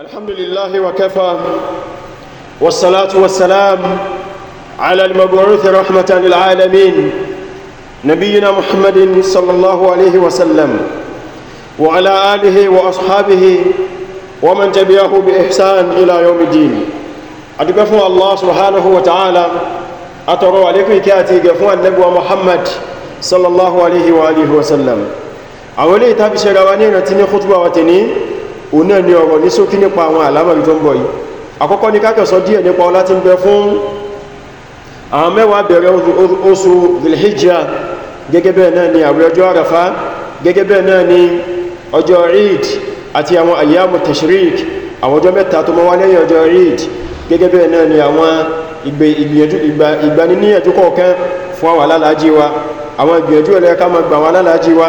الحمد لله وكفى والصلاة والسلام على المبعوث رحمة للعالمين نبينا محمد صلى الله عليه وسلم وعلى آله وأصحابه ومن تبعه بإحسان إلى يوم الدين أتقفوا الله سبحانه وتعالى أتروا عليكم كاتي قفوا النبوة محمد صلى الله عليه وآله وسلم أولي تابي شغوانين تني خطبة وتني òun náà ni ọ̀rọ̀ ní sókí nípa àwọn àlámọ̀rí tó ń bọ̀ yìí àkọ́kọ́ ní kákẹ̀sọ díẹ̀ nípa ọlá tí ń bẹ fún àwọn mẹ́wàá bẹ̀rẹ̀ oṣù vilhijjá gẹ́gẹ́ bẹ́ẹ̀ náà ni àwẹ̀ ọjọ́ àràfá gẹ́gẹ́ bẹ́ẹ̀ náà ni ọjọ́ eid àti àwọn àyàmù tashrik àwọn ọjọ́ mẹ́ta tó ni àwọn ìgbaníníyànjú kọ̀ọ̀kan fún àwọn alálàájí wa àwọn ìgbìyànjú ẹlẹ́ka máa gbà àwọn alálàájí wa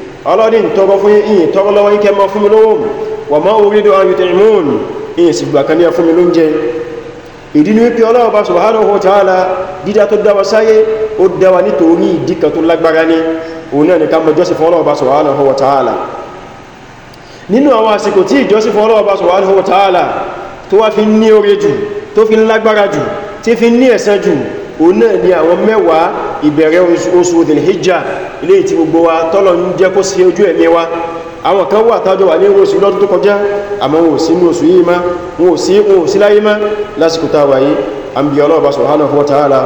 ọlọ́dí ń tọrọ fún yín tọrọ lọ́wọ́ yín kẹmọ fún mi lówó wà máa orí dọ́ ayò tẹ̀rìmọ́n yín sì gbà kan ní ẹfún mi ló ń jẹ ìdí ni wípé Ọlọ́run bá subhanahu wa ta'ala dídá tó dáwà sáyé ó dáwà nítorí ìdí kan tó lágbára ní òun náà nìkan mọ̀ jọ́sìn fún Ọlọ́run bá subhanahu wa ta'ala nínú àwọn àsìkò tí ìjọ́sìn fún Ọlọ́run bá subhanahu wa ta'ala tó wá fi ní oore jù tó fi lágbára jù tí ìbẹ̀rẹ̀ oṣù òdìlhijjá ilé ìtí gbogbo wa tọ́lọ ń jẹ́ kó sí ojú ẹ̀mí wa àwọn kan wà tájọ wà ní oṣù lọ́dún tó kọjá àmọ́ wọn ò sí ní oṣù yìí má sí wọn sí láyé má lásìkò tá yìí àmì ọlọ́ọ̀bá subhanahu wa ta'ala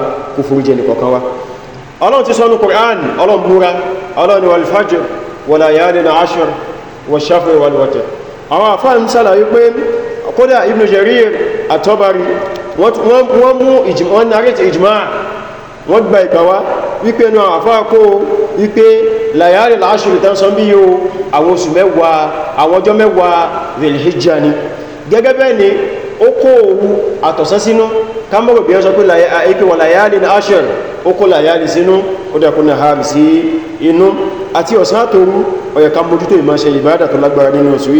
kó ti sọ́nu Qur'an ọlọ́run múra ọlọ́run ni na ashir wà ṣáfẹ́ wàlúwàtẹ̀ àwọn àfáà ń sàlàyé pé kódà Ibn Jarir àtọ́bari wọ́n gba ìgbà wá wípé ẹnu àfáà kó wípé làyàrí làásùrù tán sọ bí yíò àwọn oṣù mẹ́wàá àwọn ọjọ́ mẹ́wàá rẹ̀lẹ́hìjá ni gẹ́gẹ́ bẹ́ẹ̀ ni ó kó òwú àtọ̀sán sínú kámọ́rò bí wọ́n sọ pé ìpè wọn làyàrí làásùrù ó kó làyàrí sínú ó dẹ̀kun náà hàm sí inú àti ọ̀sán àtòrú ọ̀yẹ̀ ká mójútó ìmáṣe ìbádà tó lágbára nínú oṣù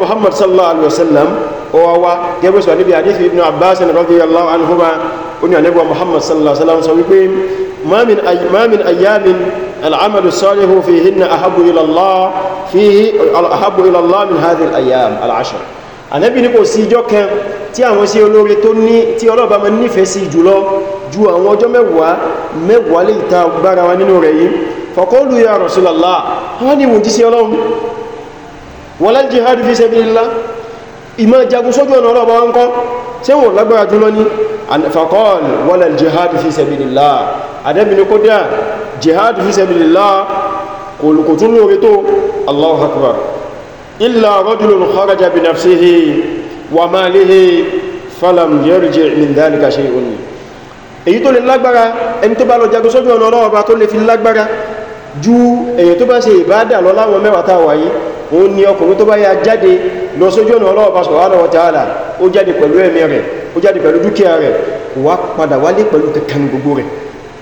muhammad sallallahu alaihi wasallam ó wá wá gẹ́gbẹ́ sọ níbi àdífì ibn abbas radiyallahu anhuma oní ànẹ́gbà muhammad sallallahu alaihi wasallam sọ wípé ma min ayyamin العمل الصالح فيهن أحب إلى الله فيه أحب إلى الله من هذه الأيام العشر ànábì ní kò sí ijọ́ kan tí àwọn sí olóore tó ní tí ọlọ́ba ma nífẹ̀ẹ́ sí jùlọ ju àwọn ọjọ́ mẹ́wàá mẹ́wàá lè ta gbára wa nínú ìmọ̀ jagun sójú ọ̀nà ọlọ́ọ̀bá wọn kọ́ tí wọ́n lágbára jùlọ ní faqal wala jihad fi sabilillah adẹ́bìnrin kó dá jihad fi sabilillah kò tún lóore tó Allahu akbar illa rajulun kharaja bi nafsihi wa malihi falam yarji min dhalika shay'un èyí tó lè lágbára ẹni tó bá lọ jagun sójú ọ̀nà ọlọ́ọ̀bá tó lè fi lágbára ju èyí tó bá ṣe lọ sójú ọ̀nà ọlọ́wọ́ bá sọ̀rọ̀ àwọn tààlà ó jáde pẹ̀lú ẹ̀mí rẹ̀ ó jáde pẹ̀lú dúkìá rẹ̀ wà padà wálé pẹ̀lú kankan gbogbo rẹ̀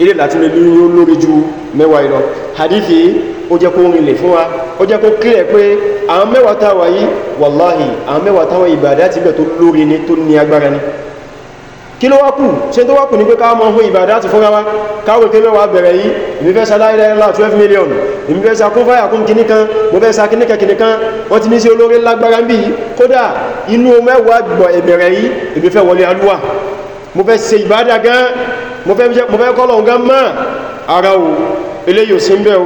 ilé láti lè ní olórí ju mẹ́wàá ìlọ hadithi ó jẹ́ kó rinlẹ̀ fún wa ó jẹ́ kó clear pé àwọn mẹ́wàá táwa yìí wàláhì àwọn mẹ́wàá táwa ìbàdá ti bẹ̀ tó lórí ni tó ní agbára ni kí ló wá kù ṣe tó wá kù ní pé káwọn ohun ìbàdá àti fúnra wa káwọn kí ló wà bẹ̀rẹ̀ yìí ìmìfẹ́ saláìlẹ̀ ńlá 12 million ìmìfẹ́ sa kún fáyà kún kìíní kan mo fẹ́ sa kíní kan kìíní kan wọ́n ti ní sí olórí lágbára ń bí kódà inú mẹ́wàá gbọ̀ ìbẹ̀rẹ̀ yìí ìmìfẹ́ wọlé alúwà mo fẹ́ ṣe ìbàdá gan mo fẹ́ kọ́lọ̀ gan mọ́ ara o eléyìí ò sí o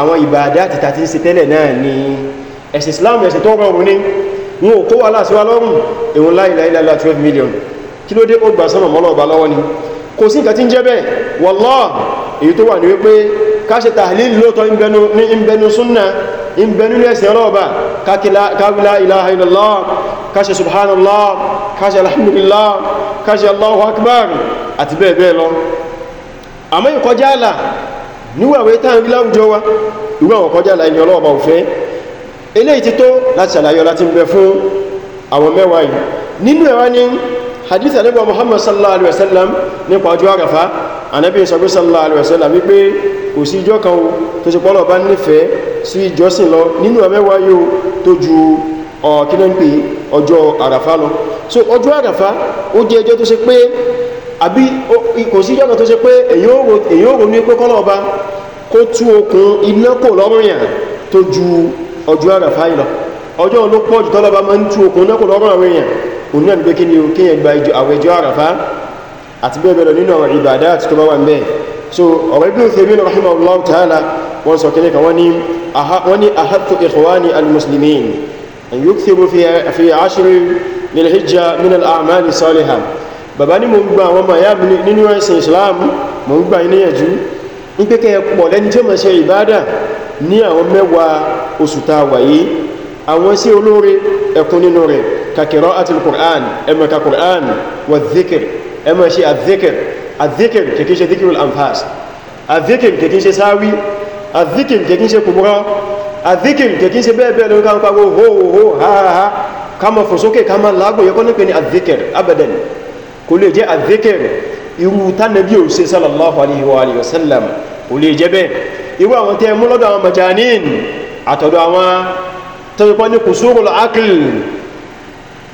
àwọn ìbàdá àti tàti ń ṣe tẹ́lẹ̀ náà ni ẹ̀sìn Islam ẹ̀sìn tó rọrùn ni wọn ò 12 million kí ló dé ó gbà sọ́nà mọ́lọ́ ọba lọ́wọ́ ni kò sí nǹkan tí ń jẹ́ bẹ́ẹ̀ wọ́lọ́ èyí tó wà ní wípé ká ṣe tàhílì lóòótọ́ ní ìbẹnu súnà ìbẹnu ní ẹ̀sìn ọlọ́ọ̀bá káwílá ilaha illallah ká ṣe subhanallah ká ṣe alhamdulillah ká ṣe allahu akbar àti bẹ́ẹ̀ bẹ́ẹ̀ lọ àmọ́ ìkọjá àlà níwàwé tán rí láwùjọ wa ìwé àwọn kọjá eléyìí ti tó láti ṣàlàyé ọlá ti ń bẹ fún àwọn mẹ́wàá yìí nínú ẹ̀wá ní hadith anabi muhammad sallallahu alaihi wasallam nípa ọjọ́ àràfà anabi sọgbé sallallahu alaihi wasallam wípé kò sí ìjọ kan tó ṣe pọ́lọ̀ bá nífẹ̀ẹ́ sí ìjọsìn lọ nínú ọmẹ́wàá yóò tó ju ọ̀kínà ọjọ́ àràfà lọ so ọjọ́ àràfà ó jẹ́ ẹjọ́ tó ṣe pé àbí kò sí ìjọ kan tó ṣe pé èyí ò ronú pé kọ́lọ̀ ọba kó tú okùn iná kò jù tọ́lọ́ba máa ń tú okùn iná kò lọ́rùn àwọn òun náà ní pé kí ni o kéèyàn gba àwọn ẹjọ́ àràfá àti bẹ́ẹ̀ bẹ́ẹ̀ lọ nínú àwọn ìbàdá àti tó bá wà ń bẹ́ẹ̀ so ọ̀rọ̀ Ibn Uthaymeen rahimahullahu ta'ala wọ́n sọ kíní kan wọ́n ní wọ́n ní ikhwani al-muslimin an yukthiru fi ashri lil hijja min al-a'mal salihah bàbá ní mo ń gba àwọn ọmọ nínú ẹ̀sìn Islam mo ń gba inéyànjú ń pé pọ̀ lẹ́ni tí ó mọ̀ ṣe ìbádà ní àwọn mẹ́wàá oṣù ta wà àwọn sí olóore ẹkùn nínú rẹ̀ ka qira'atil Qur'an ẹ máa ka Qur'an wa dhikr ẹ máa ṣe adh-dhikr adh-dhikr kìí ṣe dhikrul anfas adh-dhikr kìí ṣe sáwí adh-dhikr kìí ṣe kùmúrá adh-dhikr kìí ṣe bẹ́ẹ̀ bẹ́ẹ̀ lórí káwọn pàgbó hó hó ha ha ká máa fò sókè ká máa lágbó yẹ kọ́ ní pé ní adh-dhikr abadan kò lè jẹ́ adh-dhikr irú tánàbí ò sallallahu alaihi wa alihi wasallam ò lè jẹ́ bẹ́ẹ̀ irú àwọn tẹ́ mú lọ́dọ̀ majanin àtọ̀dọ̀ àwọn tọ́jọpọ̀ ní kùsùrù aql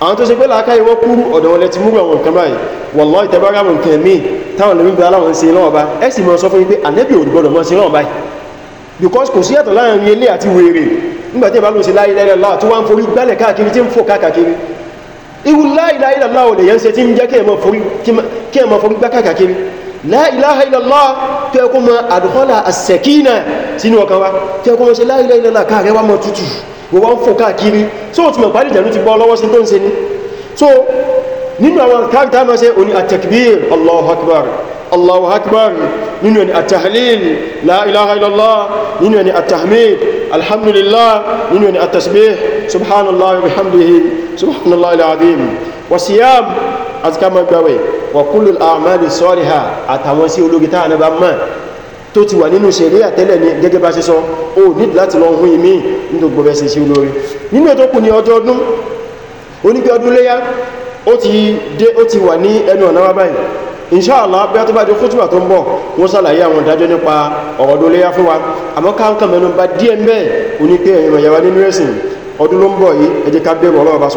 àwọn tó ṣe pé làákàyè wọ́n kúrú ọ̀dọ̀ wọn lẹ ti múrù àwọn nǹkan báyìí wallahi ìtẹ́bára àwọn nǹkan míì táwọn lè gbé aláwọn ṣe lọ́wọ́ bá ẹ sì mọ̀ sọ fún yín pé ànẹ́bì ò gbọdọ̀ mọ́ ṣe lọ́wọ́ báyìí because kò sí yàtọ̀ láàrin ilé àti wèrè nígbà tí ìbálòsí láìláìlá láà tó wá ń forí gbálẹ̀ káàkiri tí ń fò káàkiri irú láìláìlá láà ò lè yẹn ṣe tí ń jẹ́ kí ẹ mọ̀ forí gbá káàkiri láìláìlá tó ẹkọ́ mọ àdùkọ́lá àṣẹ̀kínà sínú ọkàn wa tó ẹkọ́ mọ ṣe láìláìlá káàkiri wa mọ̀ tútù wọ́n wọ́n fò káàkiri so o ti mọ̀ pàdé ìjànú ti bọ́ lọ́wọ́ sí tó ń ṣe ni so nínú àwọn káàkiri máa ṣe òní atakbir allahu akbar allahu akbar nínú ẹni atahlil la ilaha illallah nínú ẹni atahmid alhamdulillah nínú ẹni atasbih subhanallah wa bihamdihi subhanallah alazim wa siyam azkama gbawe wa kullu al'amali saliha àtàwọn sí ológitá ànàbà mọ́ tó ti wà nínú ṣẹ̀ríà tẹ́lẹ̀ ní nítorí gbogbo ẹsẹ̀ sí olórí nínú ètò kù ní ọjọ́ ọdún onígbé ọdún léyá ó ti dé ó ti wà ní ẹnu ọ̀nà wa báyìí inṣáàlá bí a tó bá jẹ́ kútùbà tó ń bọ̀ wọ́n sàlàyé àwọn ìdájọ́ nípa ọ̀rọ̀ léyá fún wa àmọ́ káńkàn mẹ́nu bá díẹ̀ ń bẹ́ẹ̀ onígbé ẹ̀yìn ọ̀yàwá nínú ẹ̀sìn ọdún ló ń bọ̀ yìí ẹ jẹ́ ká bẹ̀rù ọlọ́ọ̀bá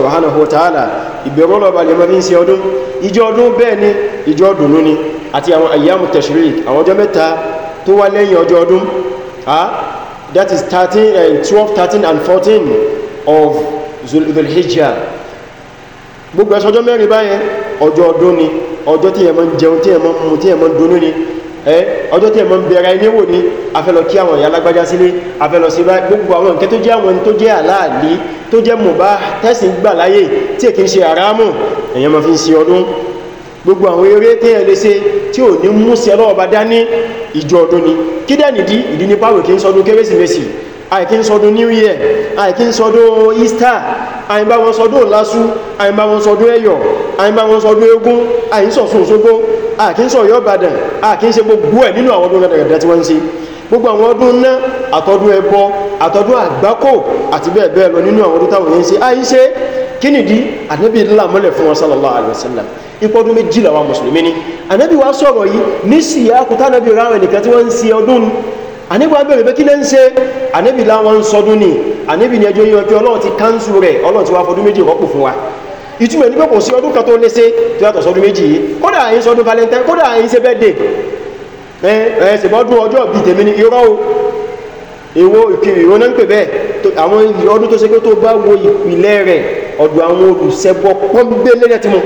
that is 13 uh, and 12 13 and 14 of Dhul Hijjah gbogbo ẹsọjọ́ mẹ́rin báyẹn ọjọ́ ọdún ni ọjọ́ tí ẹ̀mọ́ ń jẹun tí ẹ̀mọ́ mú tí ẹ̀mọ́ ń dunú ni ọjọ́ tí ẹ̀mọ́ ń bẹ̀rẹ̀ ilé wò ní afẹ́lọ kí àwọn ìyálágbájá sílé afẹ́lọ sí bá gbogbo àwọn nǹkan tó jẹ́ àwọn tó jẹ́ àláàlí tó jẹ́ mọ̀bá tẹ́sìn gbà láyé tí èkì ń ṣe àrámù èèyàn máa fi ń ṣe ọdún gbogbo àwọn eré téèyàn lè ṣe tí ò ní mú sí ọlọ́ọ̀bá ìjọ ọdún ni kí dẹ̀ nìdí ìdí ní pàwẹ̀ kí ń sọdún kérésìmesì àìkí ń sọdún new year àìkí ń sọdún easter àìbá wọn sọdún lásù àìbá wọn sọdún ẹ̀yọ̀ àìbá wọn sọdún eégún àìsọ̀sùn òṣogbo àìkí ń sọ yọ́bàdàn àìkí ń ṣe gbogbo ẹ̀ nínú àwọn ọdún rẹ̀dẹ̀rẹ̀dẹ̀ tí wọ́n ń ṣe gbogbo àwọn ọdún ná àtọdún ẹbọ àtọdún àgbákò àti bẹ́ẹ̀ bẹ́ẹ̀ lọ nínú àwọn ọdún táwọn yẹn ń ṣe à ń ṣe kí nìdí ànábì ńlá mọ́lẹ̀ fún wọn sallallahu alaihi wasallam ìpọ́dún méjìlá wa mùsùlùmí ni ànábì wa sọ̀rọ̀ yìí ní síyáàkú tánàbì ráwọn ẹnìkan tí wọ́n ń ṣe ọdún ànábì wa bẹ̀rẹ̀ pé kí lẹ́ ń ṣe ànábì láwọn ń sọdún ni ànábì ni ẹjọ́ yíyan pé ọlọ́run ti kánṣu rẹ̀ ọlọ́run ti wá fọdún méjì rọ́pò fún wa ìtumọ̀ ní pé kò sí ọdún kan tó lé ṣe tó yàtọ̀ sọdún méjì yìí kódà à ń sọdún valentine kódà à ń ẹ ẹ ṣèbọ́dún ọjọ́ bíi tèmi ni irọ́ o èwo ìwọ náà ń pè bẹ́ẹ̀ àwọn ọdún tó ṣe pé tó bá wo ìpìlẹ̀ rẹ̀ ọ̀dọ̀ àwọn olùṣẹbọ pọ́nbélé rẹ̀ ti mọ̀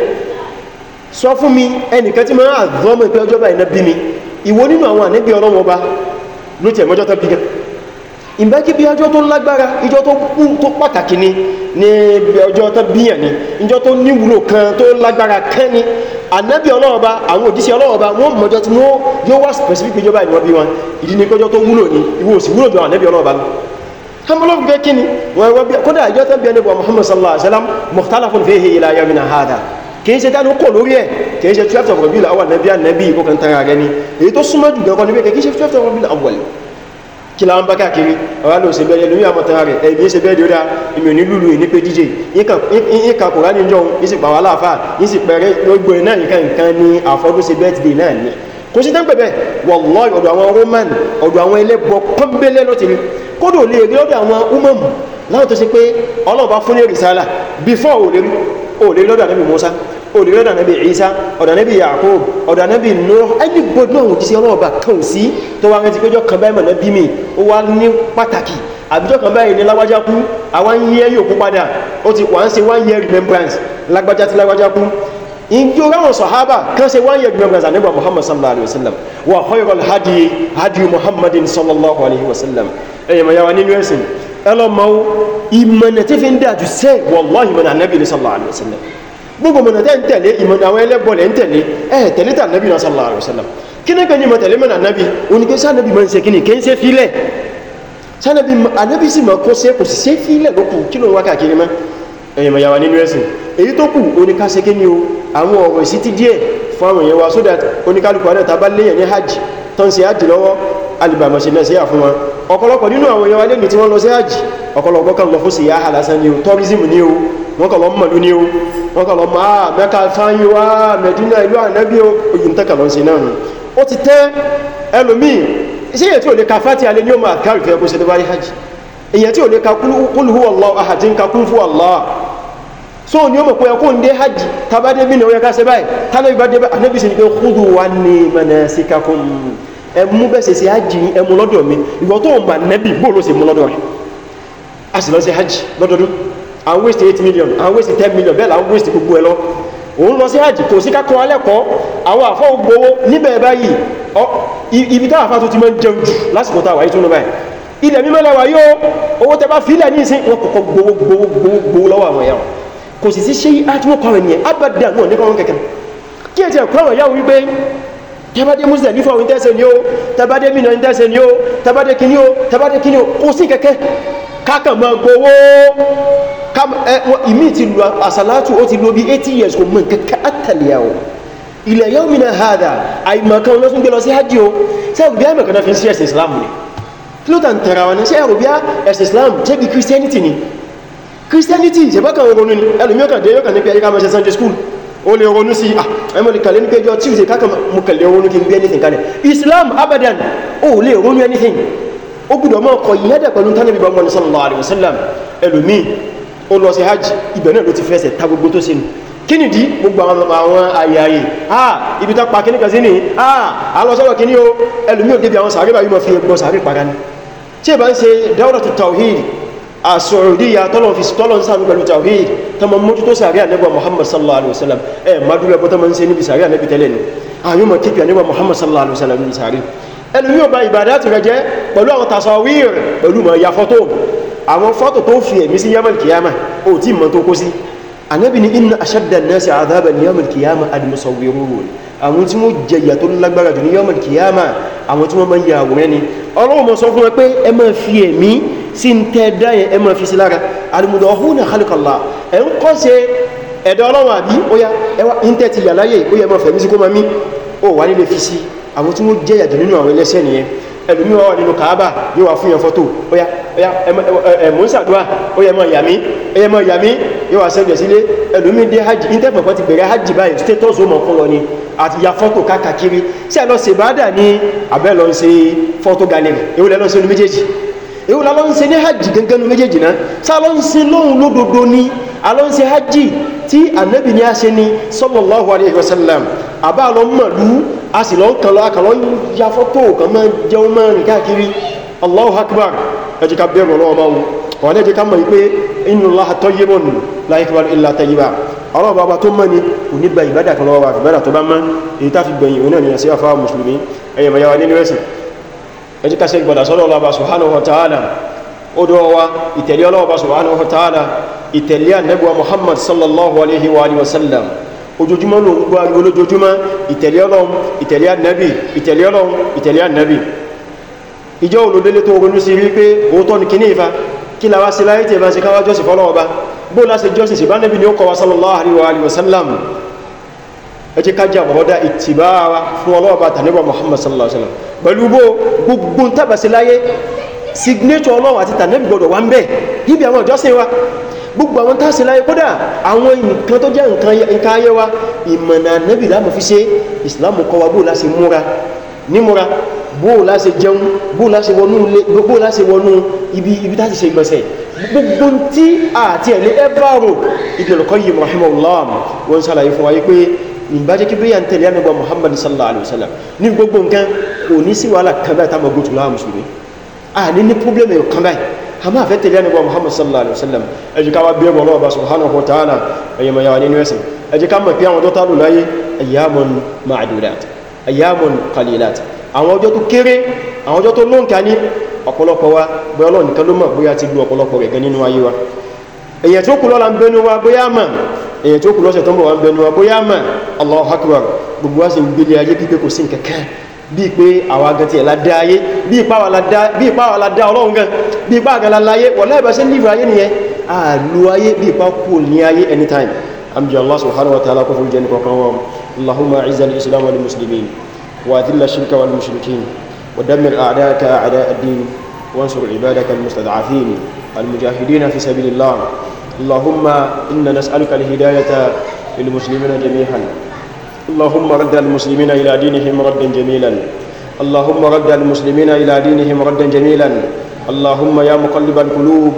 sọ fún mi ẹnìkan tí máa ń àzọ́mọ̀ pé ọjọ́ báyìí náà bí mi ìwọ nínú àwọn ànẹ́bí ọlọ́wọ́ ọba ló tẹ̀ mọ́jọ́ tán bí gan ìbá kí bí ọjọ́ tó lágbára ìjọ tó kún tó pàtàkì ni ní ọjọ́ tán bíyàn ni ìjọ tó níwúlò kan tó lágbára kan ni ànábì ọlọ́run ọba àwọn òjíṣẹ́ ọlọ́run ọba wọ́n mọ̀jọ tí wọ́n yóò wá specific ìjọba ìwọ̀n bí wọn ìdí ni pẹ́jọ́ tó wúlò ní ìwọ òsì wúlò jọ ànábì ọlọ́run ọba tọ́mọlọ́gbọ̀n pé kí ni wọ́n wọ́n bí kódà ìjọ tó bí ẹni bọ̀ Muhammad sallallahu alaihi wasallam mukhtalafun fihi ila yawmina hadha kìí ṣe dánu kò lórí ẹ̀ kìí ṣe twelve of rabi la awal nabi anabi ìkókan tara rẹ ni èyí tó súnmọ́ jù gan-an ni pé kìí ṣe twelve of rabi la awal kí láwọn bá káàkiri ọ̀rá lò sí bẹ́ẹ̀ lórí àmọ́ta rẹ̀ ẹ̀mí ṣe bẹ́ẹ̀ dìódá ìmì onílùlù ní pé díje yíkà kò rání jọun yí sì pàwà láàfà yí sì pẹ̀rẹ́ gbogbo ẹ̀ náà nǹkan nǹkan ní àfọ́dún sí bẹ́ẹ̀tìdè náà ni kò sí tán pẹ̀pẹ̀ wallahi ọ̀dọ̀ àwọn roman ọ̀dọ̀ àwọn ẹlẹ́bọ pọ́nbélé ló ti rí kódò lè rí ọ̀dọ̀ àwọn umam láwọn tó ṣe pé Ọlọ́run bá fún ní rìsálà before ò lè rí lọ́dọ̀ àdébì olùyọ́ ọ̀dà nàbí Isa ọ̀dà nàbí Yakub ọ̀dà nàbí Nuh ẹni gbọdọ̀ òun jíṣẹ́ ọlọ́run ọba kàn sí tó wá rántí péjọ kan báyìí mọ̀nà bí mi ó wá ní pàtàkì àbíjọ kan báyìí ní lágbájá kú àwa ń yẹ yòókù padà ó ti wà ń ṣe one year remembrance lágbájá ti lágbájá kú injo rawon sahaba kan sai wani yadda ga zanen muhammad sallallahu alaihi wasallam wa khairul hadi hadi muhammadin sallallahu alaihi wasallam eh ma yawa ni nuesin elo mau imana tifin da ju se wallahi mana annabi sallallahu alaihi wasallam gbogbo mọ̀nà tẹ́ ń tẹ̀lé ìmọ̀nà àwọn ẹlẹ́bọ̀lẹ̀ ń tẹ̀lé ẹ̀ tẹ̀lé tà nàbí náà sallallahu alaihi wasallam kí ní pẹ̀lú ìmọ̀ tẹ̀lé mọ̀nà nàbí oníkẹ́ sánàbí mọ̀ ń ṣe kíní kìí ṣe fílẹ̀ sánàbí anábí sì mọ̀ kó ṣe kò sì ṣe fílẹ̀ lókù kí ló ń wá káàkiri mọ́ ẹ̀yìn yàwá nínú ẹ̀sìn èyí tó kù oníkàṣe kí ni o àwọn ọ̀rọ̀ ìsítí díẹ̀ fún àwọn èèyàn wọ́n kọ̀ lọ mọ̀ lóní o wọ́n kọ̀ ah, lọ mọ̀ á mẹ́ka fáyín wá mẹ́dínà ìlú ànẹ́bí o òyìn tẹ́kà lọ sí náà nù ó ti tẹ́ ẹlòmíì sí èyí tí ò lè ka fáti alẹ́ ní ó máa kárì fẹ́ kó ṣe hajj èyí tí ò lè ka kúlù hú Allah ka kún fún Allah so ni ó mọ̀ pé ẹkún dé hajj tábà dé bí ní ọ̀yẹ́ ká ṣe báyìí tálẹ́bí bá à waste eight million à waste ten million bẹ́ẹ̀ là ń waste gbogbo ẹ lọ òun lọ sí àjì kò sí kákan alẹ́kọ̀ọ́ àwọn àfọ́ gbowó níbẹ̀ báyìí ibi táwọn afá tó ti máa ń jẹun jù lásìkò táwọn ayé tó lọ báyìí ilẹ̀ mímọ́ lẹ́wà yóò owó tẹ bá filẹ̀ ní ìsìn wọn kọ̀kọ́ gbowó gbowó gbowó gbowó lọ́wọ́ àwọn ẹ̀yà wọn kò sì sí ṣé àtúwọ̀ kọ́ ẹ̀yẹn abẹ́dẹ̀ àwọn oníkọ́ wọn kẹ̀kẹ́ kí ẹ̀ tí ẹ̀kọ́ àwọn ẹ̀yà wípé tẹ́bádé muslim ní fọwọ́n tẹ́sẹ̀ ni ó tẹ́bádé mìíràn ní tẹ́sẹ̀ ni ó tẹ́bádé kíní ó tẹ́bádé kíní ó kò sí kẹ̀kẹ́ kákan máa gbowó ìmí ti lu àsàlátù ó ti lo bí 80 years kò mọ̀ nǹkan àtàlẹ́yà o ilẹ̀ yóò mìíràn hàdà àìmọ̀kan ló tún gbé lọ sí hajj o sẹ́rù bí àìmọ̀kan náà fi ń sí ẹ̀sìn islam ni kí ló tàn tẹ̀ra wọn sẹ́rù bí ẹ̀sìn islam jẹ́ bí christianity ni christianity ìṣẹ̀bọ́kàn ronú ni ẹlòmíọ̀kàn dé yọ̀kàn ní pé ayíká mọ́ṣẹ́ sunday school o lè ronú sí ah ẹmọ lè kàlẹ́ ní pé ọjọ́ tuesday kákan mo kàlẹ́ ronú kí n gbé anything kalẹ̀ islam abadan o lè ronú anything ó gbọ́dọ̀ mọ́ ọkọ̀ ìyẹ́dẹ̀ pẹ̀lú tánàbí bá mọ́ ní sallallahu alaihi wasallam ẹlòmíì ó lọ sí hajj ibẹ̀ náà ló ti fẹsẹ̀ ta gbogbo tó sínú kí nìdí gbogbo àwọn àyè àyè ah ibi tá pa kíníkan sí ni ah alọ́sọ́rọ̀ kíní o ẹlòmí ò débi àwọn sàárè báyìí mọ̀ fi ẹgbọ́n sàárè padà ní tí ẹ bá ń ṣe dawlatu tawhid àsọ̀rọ̀díyà tọ́lọ̀ fi tọ́lọ̀ sáàmù pẹ̀lú tawhid tó ma mójútó sàárẹ́ ànẹ́bà muhammad sallallahu alaihi wasallam ẹ madúrú ẹbọ́ tó ma ń se níbi sàárẹ́ ànẹ́bì tẹ́lẹ̀ ni àyọ́ àwọn fọ́tò tó fi ẹ̀mí sí yamal kiyama ó tí mọ́ tó kó sí anábì ní inna ashadda an-nasi adhaban ní yamal kiyama al-musawwirun àwọn tí wọ́n jẹ ìyà tó lágbára jù ní yamal kiyama àwọn tí wọ́n máa ń ya àwòrán ni ọlọ́run mọ̀ sọ fún ẹ pé ẹ máa fi ẹ̀mí sí ń tẹ́ dá yẹn ẹ máa fi sí lára al-mudahuna khalqallah ẹ̀ ń kọ́ ṣe ẹ̀dá ọlọ́run mò ń ṣàdúrà ó yẹ mọ́ yàmí ó yẹ mọ́ yàmí yóò wá sẹ́jọ̀ sílé ẹlòmí dé hajj intẹ́pọ̀pọ̀ ti bẹ̀rẹ̀ hajj báyìí status ó mọ̀ fún lọ ni àti ya fọ́tò káàkiri sí ẹ lọ ṣe ìbádà ní abẹ́ lọ ṣe fọ́tò gallery èwo lẹ́ lọ ṣe ní méjèèjì èwo la lọ ń ṣe ní hajj gẹ́gẹ́ ní méjèèjì náà sá lọ ń ṣe lóhun lódodo ni a lọ ń ṣe hajj tí anabi ni a ṣe ni sallallahu alayhi wa sallam àbá lọ mọ̀lú a sì lọ ń kàn lọ ya fọ́tò kàn máa jẹun máa rìn káàkiri allahu akbar ẹjẹ́ ká bẹ̀rù ọlọ́wọ́ bá wù wọ́n ẹjẹ́ ká mọ̀ wípé inú láha tọ́yébọ̀ nù láyé tọ́wọ́ ilá tẹ́yíbà ọlọ́wọ́ bá tó mọ́ ni kò ní gba ìbádà kan lọ́wọ́ ìbádà tó bá mọ́ èyí tá fi gbẹ̀yìn òun náà ni ẹ̀sẹ̀ àfáà mùsùlùmí ẹ̀yẹ̀ mọ̀ yáwa nínú ẹ̀sìn ẹjẹ́ ká ṣe gbọ́dà sọ́dọ̀ ọlọ́wọ́ bá subhanahu wa ta'ala ó dọ́ wa ìtẹ̀lé ọlọ́wọ́ bá ló ń gbọ́ ariwo lójoojúmọ́ ọlọ́run ìtẹ̀lé ànẹ́bì ìtẹ̀lé ọlọ́run ìtẹ̀lé ànẹ́bì ìjọ olódélé tó ronú sí rí pé òótọ́ ni kìíní ìfa kí la wá sí láyé tí ìbá ṣe káwá jọ́sìn fọ́lọ́ ọba bó láti jọ́sìn sí bá níbi ni ó kọ́ wa sallallahu alaihi wa sallam ẹ jẹ́ ká jẹ́ àbọ̀dá ìtìbá wa fún ọlọ́ọ̀bá tàníbà muhammad sallallahu alaihi wa sallam pẹ̀lú bó gbogbo ń tàbà sí láyé signature ọlọ́wọ́ àti tàníbì bóò láṣe jẹun bóò láṣe wọnú ilé bóò láṣe wọnú ibi ibi táti ṣe ìgbọ̀nsẹ̀ gbogbo tí àti ẹ̀lẹ́ ẹbárò Ibn Qayyim rahimahullah wọ́n sàlàyé fún wáyé pé ìbájẹ́ kí bíyà ń tẹ̀lé àmì Muhammad sallallahu alaihi wasallam ní gbogbo nǹkan kò ní sí wàhálà kan báyìí táwọn gbótù láwọn mùsùlùmí a ní ní públẹ̀mù ẹ̀rọ kan báyìí a máa fẹ́ tẹ̀lé àmì Muhammad sallallahu alaihi wasallam ẹ jẹ́ ká wá bí ọmọ ọba subhanahu ayyamun ma'dudat ayyamun qalilat àwọn ọjọ́ tó kéré àwọn ọjọ́ tó lóǹkà ní ọ̀pọ̀lọpọ̀ wa bóyá ọlọ́run nìkan ló mọ̀ bóyá ti lu ọ̀pọ̀lọpọ̀ rẹ̀ gan nínú ayé wa èyàn tó kù lọ́la ń bẹnu wa bóyá mà èyàn tó kù lọ́sẹ̀ tó ń bọ̀ wá ń bẹnu wa bóyá mà Allahu Akbar gbogbo wa sì ń gbélé ayé pípé kò sí nǹkankan anytime amjad Allah subhanahu wa ta'ala kó fún jẹ́ nìkan kan wọn Allahumma a'izzal islam wal وأذل الشرك والمشركين ودمر أعداءك أعداء الدين وانصر عبادك المستضعفين المجاهدين في سبيل الله اللهم إنا نسألك الهداية للمسلمين جميعا اللهم رد المسلمين إلى دينهم ردا جميلا اللهم رد المسلمين إلى دينهم ردا جميلا اللهم يا مقلب القلوب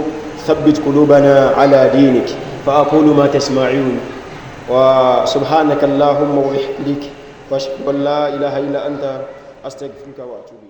ثبت قلوبنا على دينك فأقول ما تسمعون وسبحانك اللهم وبحمدك واشهد ان لا اله الا انت استغفرك واتوب اليك